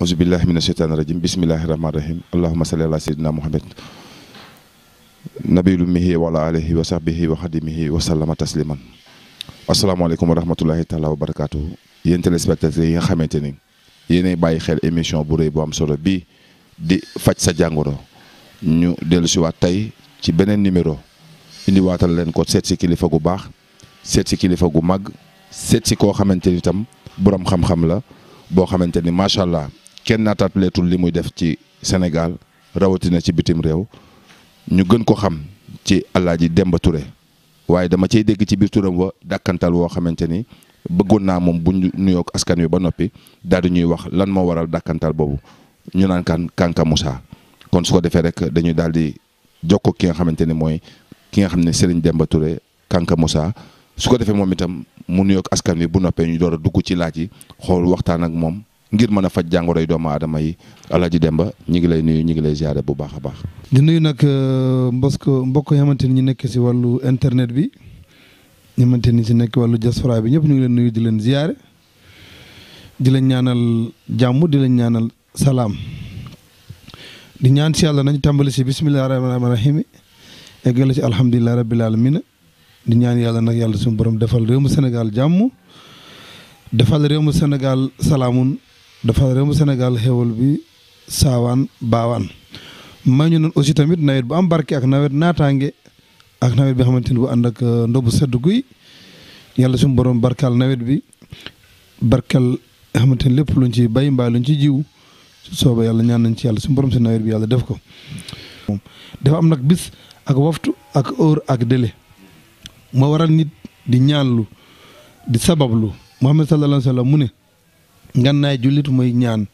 auzu billahi mina sheytaani rajim bismillahi rahmaani rahim allahuma salli ala sayyidina muhammad nabilu mihi wa ala alihi wa sahbihi wa xadimihi wa sallama tasliman asalaamaaleykum wa rahmatulahi taala wa barakatuhu yéen téléspectateurs yi nga xamante ni yéenay bàyyi xel émission bu rëy bu am solo bii di faj sa jàngoro ñu dellu siwaat tey ci beneen numéro indi waatal leen ko seet si kilifa gu baax seet si kilifa gu mag seet si koo xamante ni tam borom xam la boo xamante ni macha allah kenn naataatleetul li muy def ci senegal rawatina ci bitim réew ñu gën ko xam ci Alaaji Demba Touré waaye dama cey dégg ci biir turam wa dàkkantal woo xamante ni bëggoon naa moom bu nuyook askan wi ba noppi daal di ñuy wax lan moo waral dàkkantal boobu ñu naan kan Kanka Moussa kon su ko defee rek dañuy daal di jokkoo ki nga xamante ni mooy ki nga xam ne Serigne Demba Touré Kanka Moussa su ko defee moom itam mu nuyook askan wi bu noppee ñu door a dugg ci laaj yi xool waxtaan ak moom ngir mën a faj jàngoroy doomu aadama yi Alaaji Demba ñu ngi lay nuyu ñu ngi lay ziare bu baax a baax. di nuyu nag euh, mbokk mbokk yamante ni ñu nekk si wàllu internet bi ñu xamante ni si nekk wàllu diaspora bi ñëpp ñu ngi leen nuyu di leen ziare di ñaanal jàmm di leen ñaanal salaam. di ñaan si yàlla nañ tàmbali si bisimilah rahmaani rahiim ci si alhamdulilah rabbil aalamiina di ñaan yàlla nag yàlla suñu borom defal réew mu senegal jàmm defal réew mu Sénégal salaamun dafa réew mu Sénégal xewal bi saawaan baawaan may ñu noonu aussi tamit nawet bu am barke ak nawet naataange ak nawet bi xamante ni bu ànd ak euh, ndox bu sedd guy yàlla suñu borom barkal nawet bi barkal xamante ni lépp luñ ci bay mbaa luñ ci jiw sooba yàlla ñaan nañ ci yàlla suñu borom si nawet bi yàlla def ko dafa am nag bis ak waxtu ak heure ak délai moo waral nit di ñaanlu di sabablu Muhammad sallallahu alayhi mu ne ngannaay jullit mooy ñaan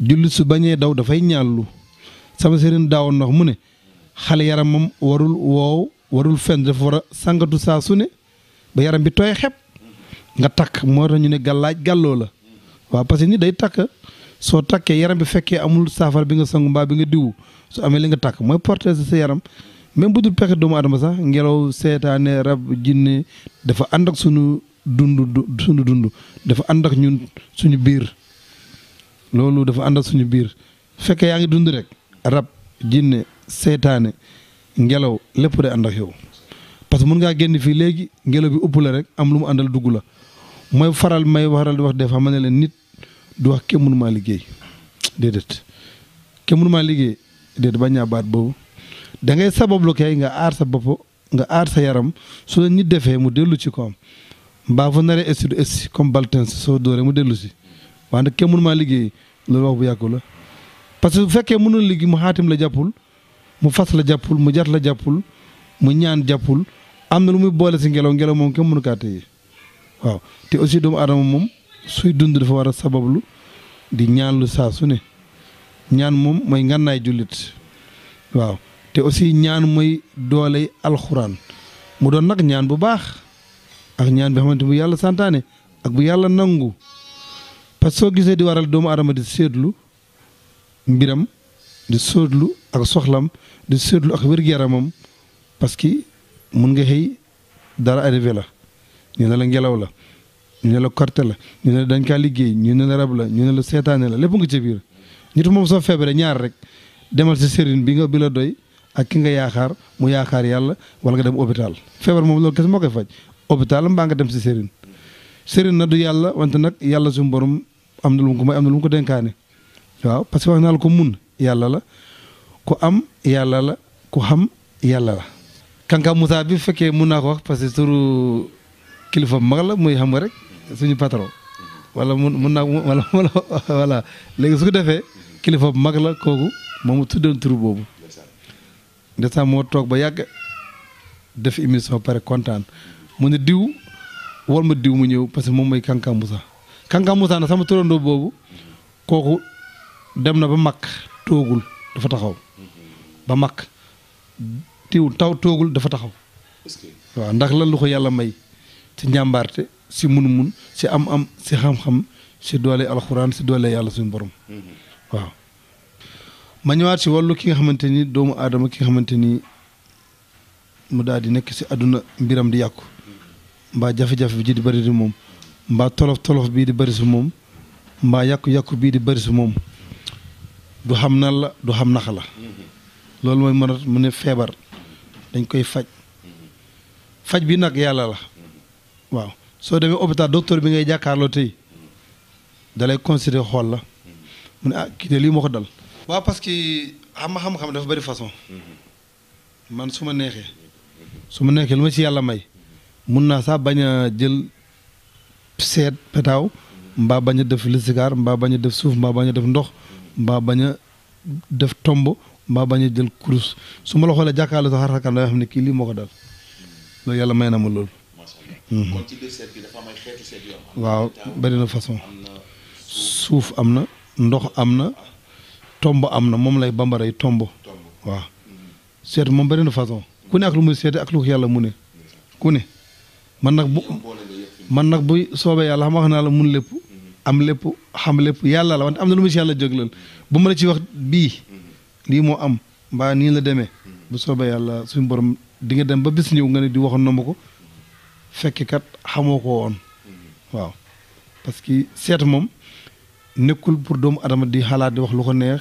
jullit su bañee daw dafay ñaanlu sama sëriñ daawoon ndox mu ne xale yaramam warul woow warul fen dafa war a sangatu saa su ne ba yaram bi tooy xep nga takk moo tax ñu ne gallaaj gàlloo la waaw parce que ni day takk soo takkee yaram bi fekkee amul saafara bi nga sangu mbaa bi nga diw su amee li nga takk mooy porté sa yaram même bu dul pexe doomu adama sax ngelaw seetaane rab jinne dafa ànd ak sunu dund suñu dund dafa ànd ak ñun suñu biir loolu dafa ànd ak suñu biir fekkee yaa ngi dund rek rab jinne seytaane ngelaw lépp day ànd ak yow parce que mun ngaa génn fii léegi ngelaw bi ëpp la rek am lu mu àndal dugg la mooy faral may waral di wax des fois ma ne leen nit du wax kenn mënu maa liggéey déedéet kenn mënu maa liggéey déedéet bañ ñaa baat boobu da ngay sabablu kay nga aar sa bopp nga aar sa yaram su la nit defee mu dellu ci ko am mbaa fa naree est sud est comme baltins soo dóoree mu dellu si waaye nag kenn mënu maa liggéey loolu wax bu yàggu la parce que bu fekkee mënul liggéey mu xaatim la jàppul mu fas la jàppul mu jat la jàppul mu ñaan jàppul am na lu muy boole si ngelaw ngelaw moom kenn mënu kaa waaw te aussi doomu adama moom suy dund dafa war a sabablu di ñaan lu saa su ne ñaan moom mooy ngànnaay jullit waaw te aussi ñaan mooy doole alxuraan mu doon nag ñaan bu baax ak ñaan bi xamante bu yàlla santaane ak bu yàlla nangu parce que soo gisee di waral doomu adama di séetlu mbiram di seetlu ak soxlam di seetlu ak wér-gu-yaramam parce que mun nga xëy dara arrivé la ñu ne la ngelaw la ñu ne la korte la ñu ne la dañ kaa liggéey ñu ne la rab la ñu ne la seetaane la lépp nga ci biir nit moom soo feebaree ñaar rek demal si sëriñ bi nga bi la doy ak ki nga yaakaar mu yaakaar yàlla wala nga dem hôpital feebar moom loolu kese moo koy hôpital mbaa nga dem si sëriñ sëriñ na du yàlla wante nag yàlla suñu borom am na lu mu ko may am na lu mu ko dénkaane waaw parce que wax naa la ko mun yàlla la ku am yàlla la ku xam yàlla la kanka Moussa bi fekkee mun naa ko wax parce que turu kilifa mag la muy xam nga rek suñu patron wala mun mun naa wala voilà léegi su ko defee kilifa mag la kooku moom tuddoon turu boobu ndeysaan moo toog ba yàgg def émission pare kontaan mu ne diw wal ma diw mu ñëw parce que moom mooy Kanka Moussa Kanka Moussa na sama turandoo boobu kooku dem na ba mag toogul dafa taxaw ba mag diw taw toogul dafa taxaw waaw ndax lan lu ko yàlla may ci njàmbaarte si mun-mun si am-am si xam-xam si doole alxuraan si doole yàlla suñu borom mm-hmm. waaw ma ñëwaat si wàllu ki nga xamante ni doomu aadama ki nga xamante ni mu daal di nekk si àdduna mbiram di yàqu mbaa jafe-jafe bi di bëri di moom mbaa tolof tolof bii di bëri su moom mbaa yàqu-yàqu bii di bëri si moom du xam nan la du xam nax la loolu mooy mën mu ne feebar dañ koy faj faj bi nag yàlla la waaw soo demee hôpital docteur bi ngay jàkkaarloo tey dalay considéré xool la mu ne ah kii de lii moo ko dal waaw parce que xam xam-xam dafa bëri façon man su ma neexee su ma neexee lu ma ci yàlla may mun naa saa bañ a jël seet petaaw mbaa bañ a def lisikaar mbaa bañ a def suuf mbaa bañ a def ndox mbaa bañ a def tomb mbaa bañ a jël kurus su ma la xoolee jàkkaarloo sax xarxarkaan da xam ne kii lii moo ko dal loolu yàlla may na ma loolu. Hmm. kon ci biir waaw bari na façon suuf am na ndox am na tomb am na moom lay bambara yi tomb waaw seet moom bari na façon ku ne ak lu muy seete ak lu ko yàlla mu ne ku ne. man nag bu man nag bu soobee yàlla xam wax naa la mun lépp am lépp xam lépp yàlla la wante am na lu mu si yàlla jóg loolu bu ma la ci wax bii lii moo am mbaa nii la demee bu soobee yàlla suñu boroom di nga dem ba bis ñëw nga ne di waxoon na ma ko fekk kat xamoo ko woon waaw parce que seet moom nekkul pour doomu adama di xalaat di wax lu ko neex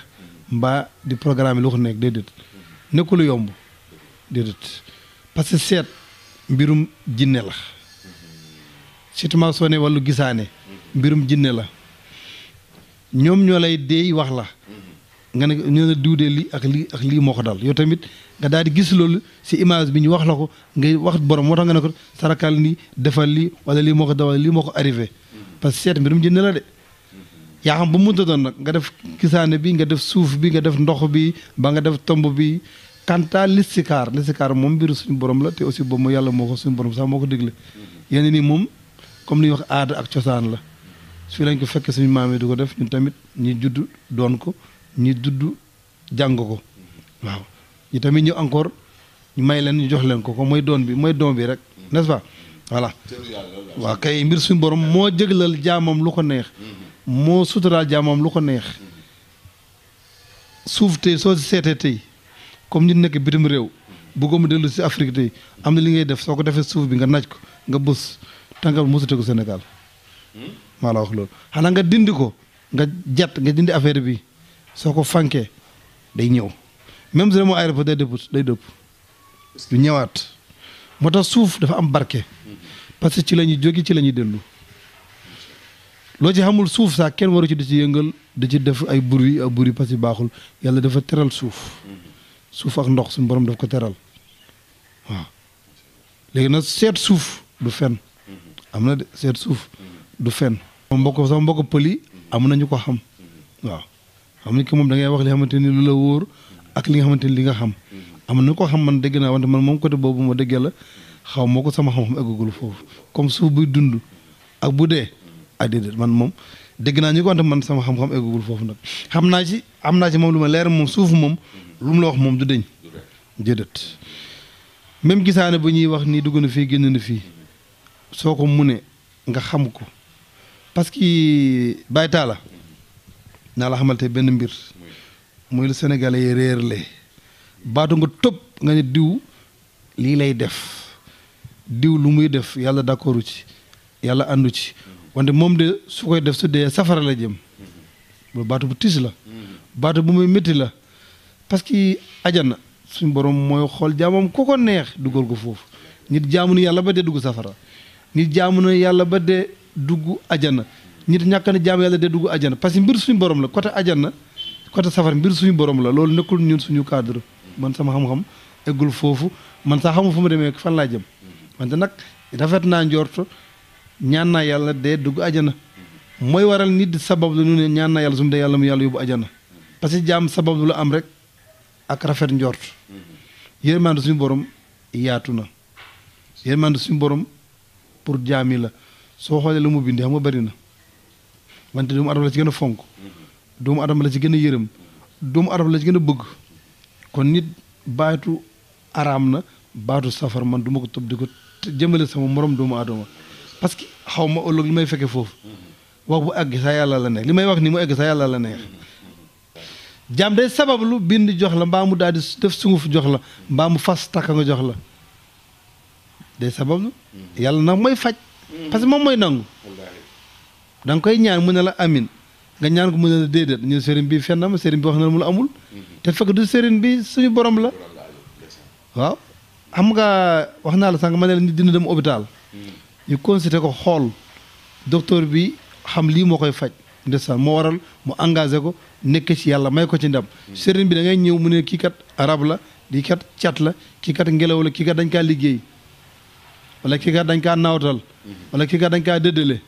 mbaa di programme lu ko neex déedéet nekkul yomb déedéet parce seet mbirum jinne la surtout soo ne wàllu gisaane mbirum jinne la ñoom ñoo lay deey wax la nga ne ñoo ne diwdee li ak lii ak lii moo ko dal yow tamit nga daal di gis loolu si image bi ñu wax la ko ngay wax borom moo tax nga ne ko sarakal ni defal li wala lii moo ko dawal lii moo ko arrivé parce que seet mbirum jinne la de yaa xam ba mu mënta doon nag nga def gisaane bi nga def suuf bi nga def ndox bi ba nga def tomb bi kanta listikaar listikaar moom mbiru suñu borom la te aussi boobu yàlla moo ko suñu borom sax moo ko digle yenn nii moom comme li ñuy wax aada ak cosaan la su lañ ko fekkee suñu maam yi du ko def ñun tamit ñi judd doon ko ñu judd jàng ko waaw ñi tamit ñu encore ñu may leen ñu jox leen ko ko mooy doon bi mooy doom bi rek n'est-ce pas voilà waaw kay mbir suñu borom moo jëglal jaamam lu ko neex mhm. moo suturaal jaamam lu ko neex suuf tey soo seetee tey comme ñu nekk bitim réew bëggoo mu dellu si Afrique tey am na li ngay def soo ko defee suuf bi nga naaj ko nga bës tàngal mosute ko Sénégal hmm? maa la wax loolu xanaa nga dindi ko nga jat nga dindi affaire bi soo ko fankee day ñëw même si moo aéroport day dëpp day dëpp yu ñëwaat moo tax suuf dafa am barke hmm. parce que ci lañuy ñuy jóge ci lañuy ñuy loo ci xamul suuf saa kenn waru ci di ci yëngal di ci def ay bruit ay bruit parce que baaxul yàlla dafa teral suuf hmm. suuf ak ndox suñu borom daf ko teral waaw léegi nag seet suuf du fen am na de seet suuf du fen sama mbokk sama pël yi am nañu ko xam waaw xam ni que moom da ngay wax li xamante ni la wóor ak li nga xamante ni li nga xam am na ko xam man dégg naa wante man moom côté boobu ma dégg la xaw moo ko sama xam-xam eggagul foofu comme suuf buy dund ak bu dee ah déedéet man moom dégg naa ñu ko wante man sama xam-xam eggagul foofu nag xam naa ci am naa ci moom lu ma leer moom suuf moom lu mu la wax moom du deñ déedéet même gisaane bu ñuy wax nii dugg na fii génn na fii soo ko mu ne nga xam ko parce que Baye Talla naa la xamal te benn mbir muy lu Sénégalais baatu nga topp nga ne diw lii lay def diw lu muy def yàlla d'accordu ci yàlla àndu ci wante moom de su koy def su dee safara la jëm mm-hmm. loolu baatu bu tiis la mm-hmm. baatu bu muy métti la parce que ajana suñu borom mooy xool jaamam ku ko neex dugal ko foofu nit jaamu na yàlla ba dee dugg safara nit jaamu na yàlla ba dee dugg ajana nit ñàkk na jaamu yàlla dee dugg ajana parce que mbir suñu borom la côté ajana côté safara mbir suñu borom la loolu nekkul ñun suñu cadre man sama xam-xam eggul foofu man sax xamu fu ma demee fan laa jëm mm-hmm. wante nag rafet naa ñaan naa yàlla dee dugg ajana mooy waral nit di sabab lu ñu ne ñaan naa yàlla su mu dee yàlla mu yàlla yóbbu ajana parce que jaam sabab lu am rek ak rafet njort yërmande suñu borom yaatu na yërmande suñu borom pour jaam la soo xoolee lu mu bindi xam nga bari na wante doomu adama la ci gën a fonk doomu adama la ci gën a yërëm doomu adama la ci gën a bëgg kon nit baatu araam na baatu safar man duma ko topp di ko jëmale sama morom doomu adama parce que xaw ma ëllëg li may fekkee foofu wax bu àgg saa yàlla la neex li may wax ni mu àgg saa yàlla la neex jaam day sabablu bind jox la mbaa mu daal di def sunguf jox la mbaa mu fas takka nga jox la day sabablu yàlla na mooy faj parce que moom mooy nangu da koy ñaan mu ne la amin nga ñaan ko mu ne la déedéet ñu sëriñ bi fenn ma sëriñ bi wax na mu la amul te fekk du sëriñ bi suñu borom la waaw xam nga wax naa la sànq ma ne la nit dina dem hôpital ñu consulté ko xool docteur bi xam lii moo koy faj ndeysaan moo waral mu engagé ko nekk ci yàlla may ko ci ndam mm. sëriñ bi da ngay ñëw mu ne kii kat rab la di kat cat la kii kat ngelaw la kii kat dañ kaa liggéey walla kii kat dañ kaa naawtal mm-hmm. wala kii kat dañ kaa dëddale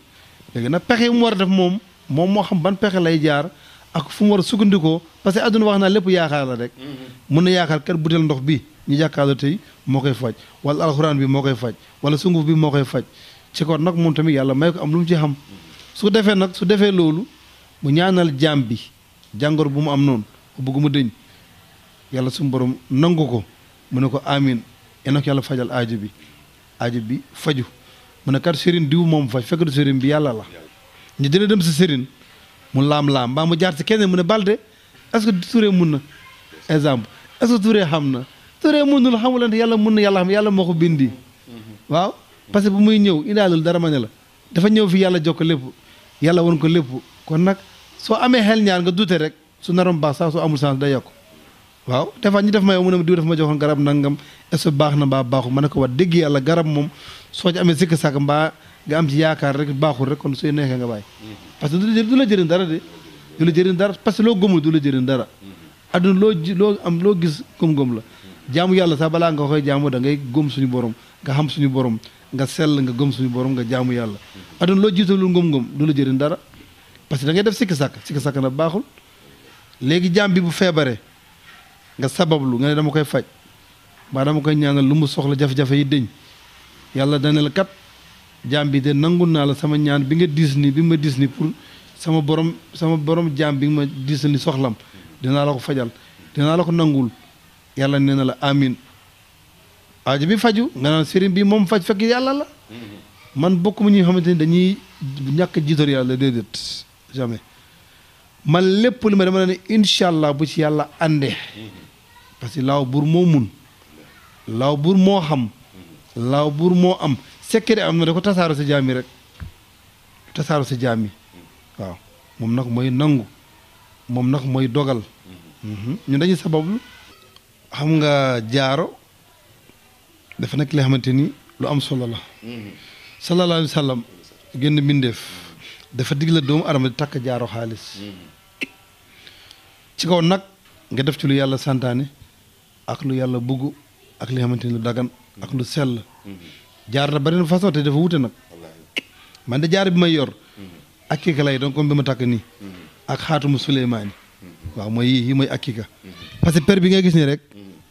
léegi nag pexe yi mu war a def moom moom moo xam ban pexe lay jaar ak fu mu war a sukkandikoo parce que adduna wax naa lépp yaakaar la rek mun mm-hmm. na yaakaar kat butéel ndox bi ñu jàkkaarloo tey moo koy faj wala alxuraan bi moo koy faj wala sunguf bi moo koy faj ci kon nag moom tamit yàlla may ko am lu mu ci xam mm-hmm. su defee nag su defee loolu mu ñaanal jaam bi jàngoro bu mu am noonu ko bëgg dëñ yàlla suñu borom nangu ko mu ne ko amin yal yàlla fajal aajo bi ajo bi faju mu ne kat sëriñ diw moom faj fekk du sëriñ bi yàlla la ñu jëlee dem si sëriñ mu laam-laam mbaa mu jaar si kenn mu ne Balde est-ce que Touré mun na exemple est-ce que Touré xam na Touré munul xamulante yàlla mun na yàlla xam yàlla moo ko bindi mhm. waaw parce que bu muy ñëw indaalul dara ma ne la dafa ñëw fi yàlla jox ko lépp yàlla won ko lépp kon nag soo amee xel ñaar nga duute rek su naroon baax sax soo amul sens day yokk waaw des fois ñu def ma yow mu ne diw dafa ma joxoon garab nangam est-ce que baax na mbaa baaxu ma ne ko wax dégg yàlla garab moom soo ci amee sikk sàkk nga am ci yaakaar rek baaxul rek kon sooy neexee nga bàyyi parce que du la jëriñ dara de du la jëriñ dara parce que loo gëmul du la jëriñ dara adduna loo loo am loo gis gëm-gëm la jaamu yàlla sax balaa nga koy jaamu da ngay gëm suñu borom nga xam suñu borom nga sell nga gëm suñu borom nga jaamu yàlla adduna loo jiitalul ngëm-ngëm du la jëriñ dara parce que da ngay def sikki sàkk sikki sàkk na baaxul léegi jaam bi bu feebaree nga sabablu nga ne dama koy faj mbaa dama koy ñaanal lu mu soxla jafe-jafe yi dëñ yàlla dana la kat jaam bi de nangul naa la sama ñaan bi nga diis ni bi ma diis ni pour sama borom sama borom jaam bi ma diisal ni soxlam dinaa la ko fajal dinaa la ko nanguwul yàlla nee na la amin aajo bi faju nga naan sëriñ bi moom faj fekk yàlla la man bokk ma ñuy xamante ni dañuy ñàkk jiitor yàlla déedéet jamais man lépp li ma dama ne incha allah bu ci yàlla àndee parce que laaw buur moo mun laaw buur moo xam laaw buur moo am sekkere am na da ko tasaaro si jaam yi rek tasaaro si jaam waaw moom nag mooy nangu moom nag mooy dogal ñu mhm, ñun dañuy sabablu xam nga jaaro dafa nekk li xamante ni lu am solo la mhm. sallallahu alayhi wa sallam génn mbindeef dafa digle doomu adama di takk jaaro xaalis mhm. ci kaw nag nga def ci lu yàlla santaane ak lu yàlla bugg ak li xamante ni lu dagan ak lu sell jaar la bari na façon te dafa wute nag man de jaar bi may yor mm-hmm. akika lay doon comme bi ma takk nii mm-hmm. ak xaatumu Suleymaani mm-hmm. waaw mooy yii mooy akika parce que per bi ngay gis nii rek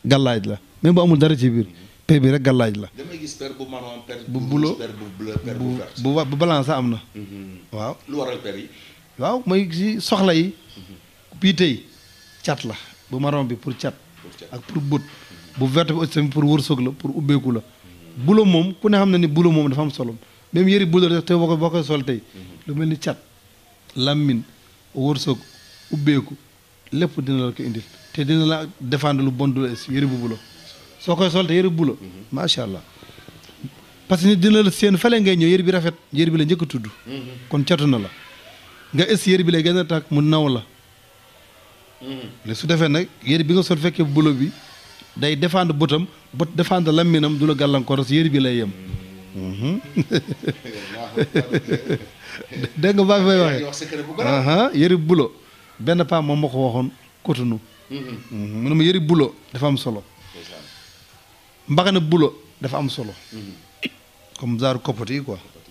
gàllaaj la même bu amul dara ci biir per bi rek gàllaaj la damay gis per bu bulo bu balance am na waaw lu waral mooy soxla yi bii tey cat la bu marron bi pour cat ak pour bët bu vert bi aussi tamit pour wërsëg la pour ubbeeku la bulo moom ku ne xam na ni bulo moom dafa am solo même yëri bulo rek te boo ko boo koy sol tey lu mel ni cat làmmin wërsëg ubbeeku lépp dina la ko indil te dina la défendre lu bon du es yëri bu bulo soo koy sol te yëri bulo mhm. macha allah parce que dina la seen fale ngay ñëw yëri bi rafet yëri bi la njëkk a tudd mhm. kon catu na la nga es yëri bi lay gën a tàkk mu naw la mhm. su defee nag yëri bi nga sol fekkee bulo bi day défendre bëtam bët défendre laminam du la gàllankoor si yére bi lay yem. Mhm. dégg nga baax may waxee yére bulo benn paa moom ma ko waxoon kotunu mhm. mhm. mu ne ma yëri bulo dafa am solo mbaxana bulo dafa am solo comme genre koppati yi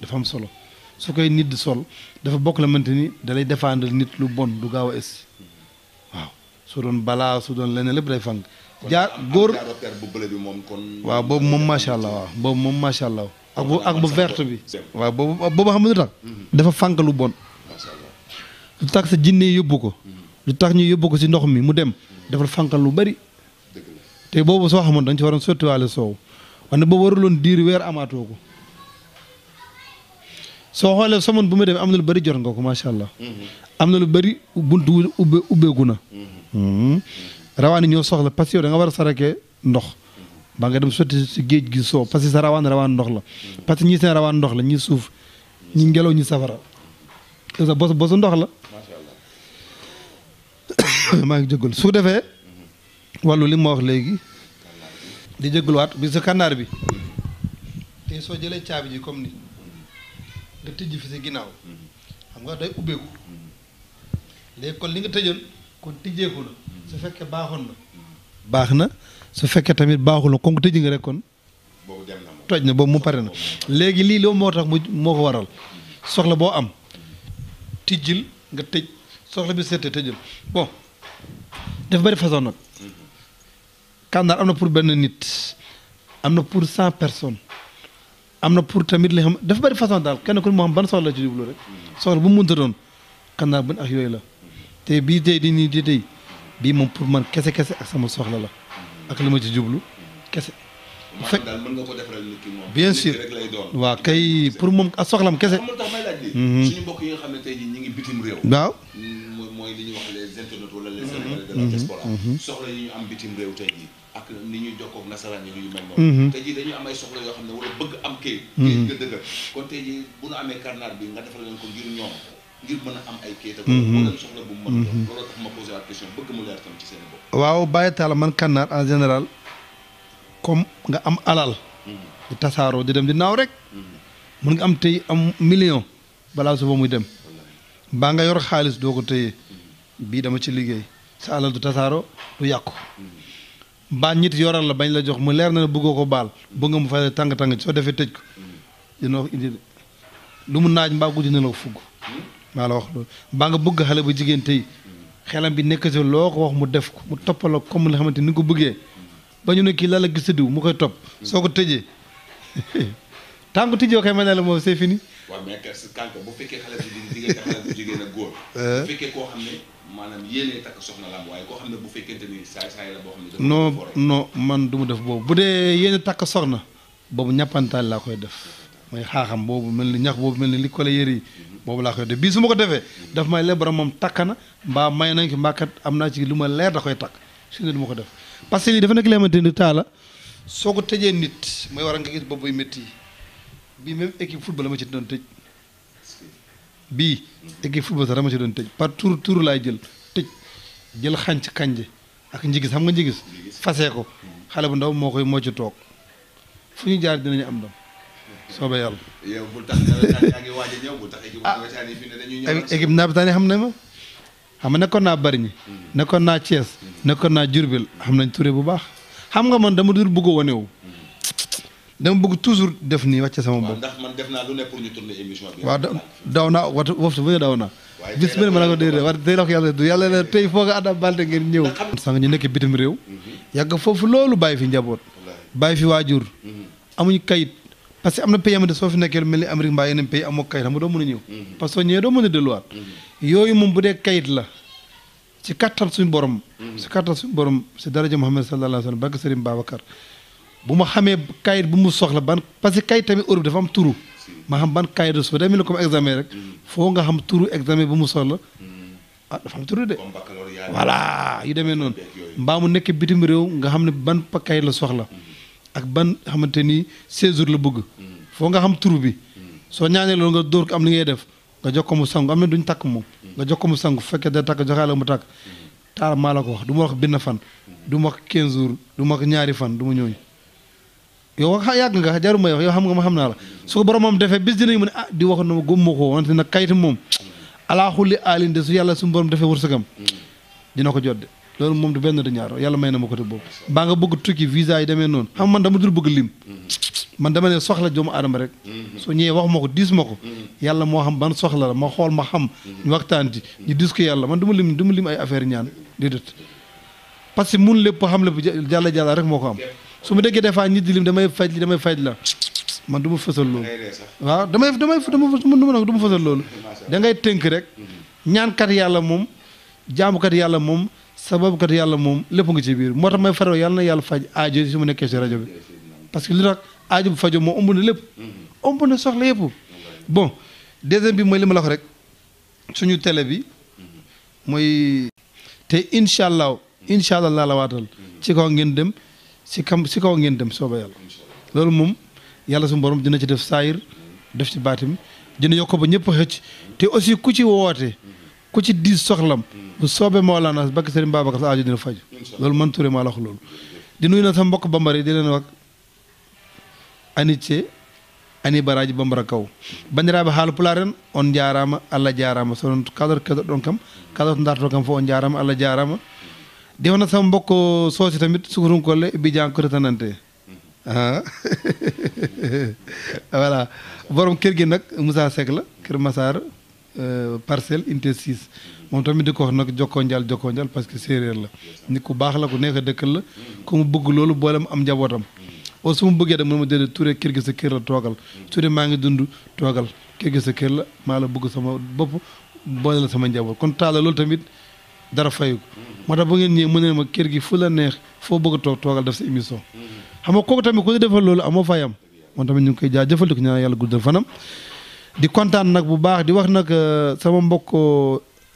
dafa am solo su koy nit di sol dafa bokk la mante ni dalay défendre nit lu bon du gaaw a es waaw su doon balaa su doon leneen lépp day fang jaar góor waaw boobu moom macha allah waaw boobu moom macha allah ak bu ak bu verte bi. waaw boobu boobu xam nga lu tax. Mhm. dafa fànk lu bon. lu tax sa jinne yóbbu ko. Mhm. lu tax ñu yóbbu ko si ndox mi mu dem. Mhm. dafa fànk lu bari. te boobu soo xamoon dañ ci waroon sottiwaale soow wane boobu waruloon diir weer amaatoo ko soo xoolee somoon bu ma demee am na lu bari jot nga ko macha allah. am na lu bari buntu ubbeeku na. rawaan yi ñoo soxla parce que yow da war a sarake ndox ba nga dem sotti si géej gi soo parce que sa rawaan rawaan ndox la parce que ñii seen rawaan ndox la ñii suuf ñi ngelaw ñi safara te sa bos ndox la maa ngi jëggul su defee wàllu li ma wax léegi di jëggulwaat bi sa kànnaar bi te soo jëlee caabi ji comme ni nga tijj fi si ginnaaw xam nga day ubbeeku léegi kon li nga tëjoon kon tijjeeku na su fekkee baaxoon na baax na su fekkee tamit baaxul na kon tëj nga rek kon toj na boobu mu pare na léegi lii loo moo tax mu moo ko waral soxla boo am tijjil nga tëj soxla bi seetee tëjul bon dafa bari façon nag kàndaar am na pour benn nit am na pour cent personnes am na pour tamit li xam dafa bari façon daal kenn ku ne moo xam ban soxla la ci jublu rek soxla bu mu mënta doon kàndaar bu ne ak yooyu la te bii tey di nii di tey bii moom pour man kese kese ak sama soxla la ak li ma ci jublu kese. fekk daal mën nga ko defaral nit ki moom. bien sûr rek lay doon waaw kay pour moom ak soxlam kese. amul tax may laaj mhm. suñu mbokk yi nga xam ne tey jii ñu ngi bitim réew. waaw mooy li ñuy wax les internautes wala les mhm. sénégalais de mhm. soxla yi am bitim réew tey jii ak ni ñuy jokkoog nasaraan yi ñu mel noonu. tey jii dañuy am ay soxla yoo xam ne wala bëgg am kayit. kon tey jii bu nu amee carnet bi nga defaral leen ko ngir ñoom a ay kayit mhm. mhm. waaw bàyyi taala man kànnaar en général comme nga am alal di mhm. tasaaroo di dem di naaw rek mën nga am tey am million balaa suba muy dem baa nga yor xaalis doo ko téye bii dama ci liggéey sa alal du tasaaroo du yàqu baa ñit yoral la bañ la jox mu leer na ne bëggoo ko baal bëgg nga mu fa tàng-tàng soo defee tëj ko dinoo indi lu mu naaj mbaa guddi na la ko fugg hmm? maa la wax loolu baa nga bëgg xale bu jigéente tey xelam bi nekk si loo ko wax mu def ko mu toppaloo comme li xamante ni ko bëggee ba ñu ne kii la la gis diw mu koy topp soo ko tëjee tant que tijjoo ma ne la moom c'est fini. bu fekkee xale bu jigéen xale euh? koo xam ne maanaam yéenee takk soxna la waaye koo xam ne bu fekkente ni saay saay la boo xam ne. non man du mu def boobu bu dee yéene takk soxna boobu ñappantaal laa koy def mooy xaaxam boobu mel ni ñax boobu mel ni li kole yi boobu laa koy def bii su ma ko defee daf may le borom moom takk na mbaa may nañ ki mbaakat am naa ci lu ma leer da koy takk su ne du ko def parce que lii dafa nekk li xamante ni taala soo ko tëjee nit mooy war a nga gis boobu buy métti bii même équipe football la ma ci doon tëj bii équipe football sax dama ci doon tëj par tour tour laay jël tëj jël xànc kanje ak njigis xam nga njigis fasee ko xale bu ndaw moo koy moo ci toog fu ñu jaar dinañu am dam soobee yàlla. yow bu tax a ñëw bu tax équipe ah. nawetaan fi ne xam nañ ma xam nga nekkoon naa bari ni hmm. nekkoon naa Thiès hmm. nekkoon naa Diourbel xam nañ Touré bu baax xam nga man dama dul bugg a wanewu hmm. dama bugg toujours def nii wàcce sama bopp. ndax man def naa lu ne pour ñu tourner émission bi. waaw daw naa waxtu waxtu bu ñu daw naa. waaye bis bi ma la ko déedéet war tey la ko yàlla du yàlla tey foo ko Ada Baldé ngeen ñëw. sang ñu nekk bitim réew. yàgg foofu loolu bàyyi fi njaboot. bàyyi fi waajur. amuñu kayit. parce que am na pays am de soo fi nekkee lu mel ni Amérique mbaa yeneen pays amoo kayit xam nga doo mën a ñëw mhm. parce que ñëwee doo mën a delluwaat mhm. yooyu moom bu dee kayit la si kattan suñu borom mhm. ci kattan suñu borom ci daraja Muhammad sallallahu alayhi wa sallam barke Sëriñ Babacar ma xamee kayit bu mu soxla ban parce que kayit tamit Europe dafa am turu ma ban kayit la su day mel ni rek foo nga xam turu examen bu mu soxla ah dafa am turu de yu demee noonu mbaa mu nekk bitim réew nga xam ne ban kayit la soxla ak ban xamante ni séjour la bëgg foo nga xam turu bi soo ñaanee loolu nga dóor ko am li ngay def nga jox ko mu sangu am na duñ takk moom nga jox ko mu sangu fekkee day takk joxee la mu takk taal maa la ko wax du ma wax benn fan du ma wax 15 jours du ma wax ñaari fan du ma ñooñu yow wax yàgg nga jaru may wax yow xam nga ma xam naa la su ko boromam defee bis dinañ mu ne ah di wax na ma gómma ko wante nag kayit moom alaaxuli aalinde su yàlla su borom defee wërsëgam dina ko jot loolu moom du benn du ñaar yàlla may na ma côté boobu baa nga bëgg tukki visa yi demee noonu xam man dama dul bëgg lim man dama ne soxla doomu aadama rek su ñëwee wax ma ko diis ma ko yàlla moo xam ban soxla la xool ma xam waxtaan ci ñu diis yàlla man du ma lim du ma lim ay affaire ñaan déedéet parce que mun lépp xam lépp jàlla jàlla rek moo ko am su mu déggee des fois nit di lim damay faj li damay faj la man du ma fësal loolu waaw damay damay dama du ma fësal loolu da ngay tënk rek ñaankat yàlla moom jaamukat yàlla moom sababkat yàlla moom lépp nga ci biir moo tax may faroo yàlla na yàlla faj aajo si mu nekkee si rajo bi parce que li tax aajo bu fajo moo ëmb na lépp ëmb na soxla yëpp bon deuxième bi mooy li ma la rek suñu télé bi mooy te incha allah incha allah waatal ci kaw ngeen dem si kam si kaw ngeen dem sooba yàlla loolu moom yàlla suñu borom dina ci def saayir def ci baatim dina yokko ba ñëpp xëcc te aussi ku ci woote ku ci diis soxlam bu soobee Mawlana bakk Serigne Babacar sa aajo dina faju loolu man Touré maa loolu di nuyu na sa mbokk bambara yi di leen wax anicce ani baraji bambara kaw bandiraɓe haalpularen on jarama allah jarama sonon kador keɗoɗon kam kador darto kam fof on jarama allah jarama de hono sama mbokko soosi tamit sukutunkolle e bijankote tanante mm-hmm. ah. voilà borom kergui nak la kër massar euh, parcelle unité moom tamit di ko wax nag jokkoo njal jokkoo njal parce que séeréer la nit ku baax la ku neex a dëkkal la ku mu bëgg loolu boolem am njabootam oo su mu da mën ma déedéet Touré kër gi sa kër la toogal su dee maa ngi dund toogal kër gi sa kër la maa la bëgg sama bopp boole la sama njaboot kon taala loolu tamit dara fayu ko moo tax ba ngeen a sa émission xam defal loolu amoo fayam moom tamit ñu ngi koy jaajëfal di ko ñaan yàlla guddal fanam di kontaan nag bu baax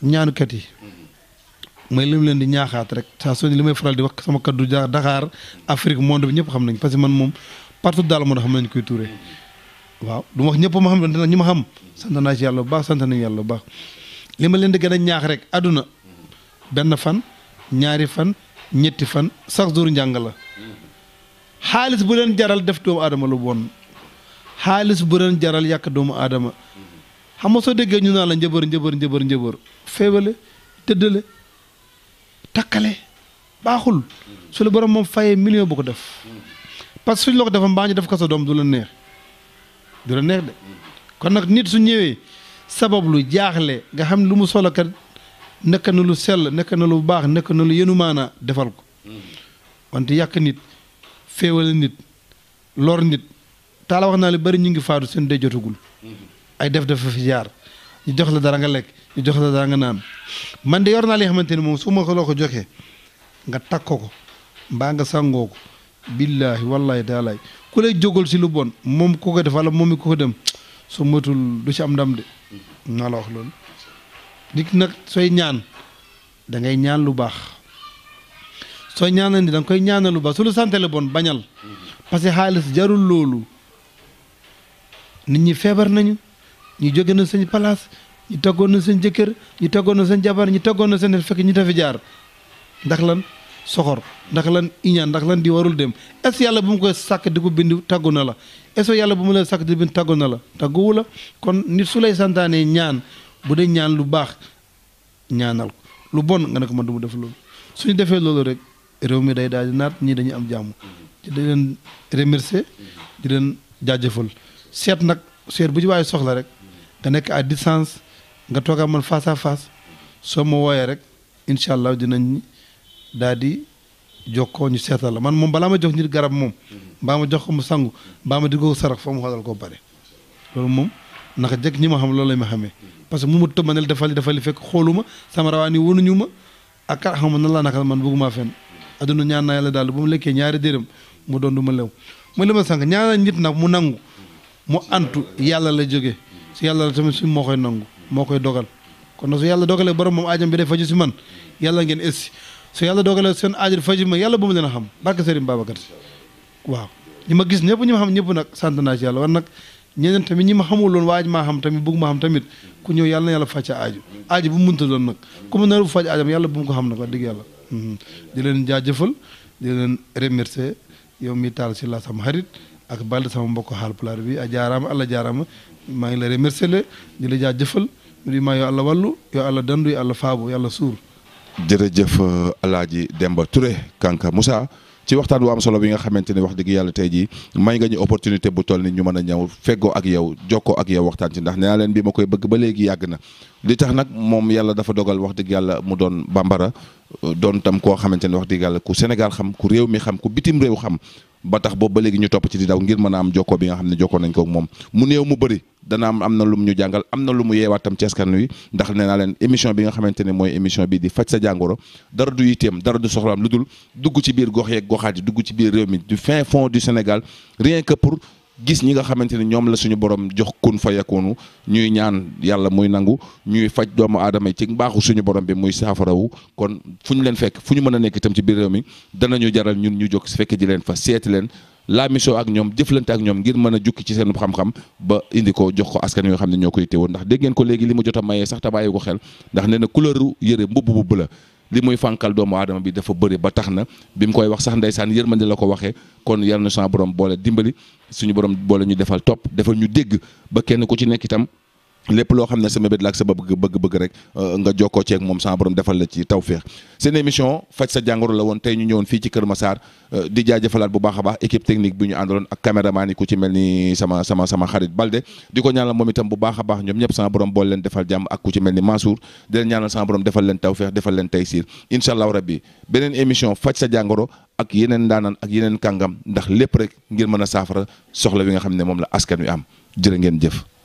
ñaanukat yi may lim leen di ñaaxaat rek saa soo li may faral di wax sama kaddu Dakar Afrique monde bi ñëpp xam nañ parce que man moom partout daal moo xam nañ koy tuure waaw du wax ñëpp ma xam ne ñi ma xam sant naa ci yàlla bu baax sant nañu yàlla bu baax li ma leen di gën a ñaax rek àdduna benn fan ñaari fan ñetti fan chaque jour njàng la xaalis bu leen jaral def doomu aadama lu bon xaalis bu leen jaral yàq doomu aadama xam nga soo déggee ñu naa la njëbër njëbër njëbër njëbër feebale tëddale takkale baaxul su la borom moom fayee million bu ko def parce que suñ la ko defam mbaa ñu def ko sa doom du la neex du la neex de kon nag nit su ñëwee sabab lu jaaxle nga xam lu mu solo kat nekk na lu sell nekk na lu baax nekk na lu yenu maana defal ko wante yàq nit féewale nit lor nit taala wax naa lu bari ñu ngi faatu seen day jotagul ay def dafa fi jaar ñu jox la dara nga lekk ñu jox la dara nga naan man de yor naa li xamante ni moom su ma ko loo ko joxee nga takko ko mbaa nga sangoo ko billaahi wallaahi taalaay ku lay jógal si lu bon moom ku ko def walla moom mi ku dem su matul ci am ndam de naa la wax loolu nag sooy ñaan da ngay ñaan lu baax sooy ñaanal ni da nga koy ñaanal lu baax su lu sante bon bañal parce que xaalis jarul loolu nit ñi feebar nañu ñu jóge na seen palaas ñu toggoon na seen jëkkër ñu toggoon na seen jabar ñi toggoon na seen fekk ñu dafa jaar ndax lan soxor ndax lan iñaan ndax lan di warul dem est yàlla bu mu koy sàkk di ko bind tàggu na la est ce yàlla bu ma leen sàkk di bind tàggu na la tàgguwu la kon nit su lay santaanee ñaan bu dee ñaan lu baax ñaanal ko lu bon nga ne ko man du def loolu suñu defee loolu rek réew mi day daal di naat ñii dañuy am jàmm di leen remercier di leen jaajëfal seet nag seet bu ci waaye soxla rek nga nekk à distance nga toog a man face à face soo ma wooyee rek incha allah dinañ daal di jokkoo ñu seetal la man moom balaa ma jox nit garab moom mbaa ma jox ko mu sangu mbaa ma di ko sarax fa mu xoolal ko pare loolu moom naka jëkk ñi ma xam loolu la ma xamee parce que mu ma tëb ma ne defali defali fekk xooluma sama rawaani wonuñu ma ak kat xam na laa nakal man bëgguma fenn adduna ñaan naa yàlla daal bu mu lekkee ñaari dërëm mu doon du ma lew mooy li ma sànq ñaanal nit nag mu nangu mu antu yàlla la jógee si yàlla tamit si moo koy nangu moo koy dogal kon nag su yàlla dogalee borom moom aajam bi day faju si man yàlla ngeen essi su yàlla dogalee seen aajam faju ma yàlla bu mu leen a xam barke Serigne Babacar waaw ñi ma gis ñëpp ñi ma xam ñëpp nag sant naa si yàlla war nag ñeneen tamit ñi ma xamul woon waaj maa xam tamit bëgg ma xam tamit ku ñëw yàlla na yàlla fàcce aaju aaju bu mu munta doon nag ku mu nar bu faj aajam yàlla bu mu ko xam nag wax dëgg yàlla mhm. di leen jaajëfal di leen remercier yow mi taal si la sama xarit ak bal sama mbokk xaal bi a jaaraama allah jaaraama maa ngi lay remercier le di la jaajëfal di maa yoo àlla wàllu yoo àlla dandu yoo àlla faabu yàlla suur jërëjëf euh, alaaji Demba Touré Kanka Moussa ci waxtaan bu am solo bi nga xamante ne wax dëgg yàlla tey jii may nga ñu opportunité bu toll ni ñu mën a ñëw feggoo ak yow jokkoo ak yow waxtaan ci ndax nee leen bi ma koy bëgg ba léegi yàgg na li tax nag moom yàlla dafa dogal wax dëgg yàlla mu doon bambara euh, doon tam koo xamante ne wax dëgg yàlla ku Sénégal xam ku réew mi xam ku bitim réew xam ba tax boobu ba ñu topp ci di daw ngir mën a am jokkoo bi nga xam ne jokkoo nañ ko moom mu néew mu bëri dana am am na lu mu ñu jàngal am na lu mu yeewaatam ci askan wi ndax nee naa leen émission bi nga xamante ne mooy émission bi di faj sa jàngoro dara du yitteem dara du soxlaam lu dul dugg ci biir gox yeeg goxaat yi dugg ci biir réew mi du fin fond du Sénégal rien que pour gis ñi nga xamante ne ñoom la suñu borom jox kun fa yakunu ñuy ñaan yàlla muy nangu ñuy faj doomu aadama yi ci mbaaxu suñu borom bi muy saafarawu kon fu ñu leen fekk fu ñu mën a nekk itam ci biir réew mi danañu jaral ñun ñu jóg su fekkee ji leen fa seeti leen la ak ñoom jëflante ak ñoom ngir mën a jukki ci seen xam-xam ba indi ko jox ko askan yoo xam ne ñoo koy teewoon ndax dégg ngeen ko léegi li mu jot a mayee sax tabàyyi ko xel ndax nee na couleur yëre mbubb bu bëla li muy fànkal doomu aadama bi dafa bëri ba tax na bi mu koy wax sax ma yërmande la ko waxee kon yal na suñu borom boole dimbali suñu borom boole ñu defal topp defal ñu dégg ba kenn ku ci nekk itam lépp loo xam ne sama mébét la ak sa bëgg-bëgg rek euh, nga jokkoo ceeg moom sama borom defal la ci tawféex seen émission faj sa jàngoro la woon tey ñu ñëwoon fii ci Kër Massar euh, di jaajëfalaat bu baax a baax équipe technique bi ñu àndaloon ak caméraman yi ku ci mel ni sama sama sama xarit Balde di ko ñaanal moom itam bu baax a baax ñoom ñëpp sama borom boole leen defal jàmm ak ku ci mel ni Mansour di leen ñaanal sama borom defal leen tawféex defal leen taysiir incha allahu rabbi beneen émission faj sa jàngoro ak yeneen daanaan ak yeneen kàngam ndax lépp rek ngir mën a saafara soxla wi nga xam ne moom la askan wi am jërë ngeen jëf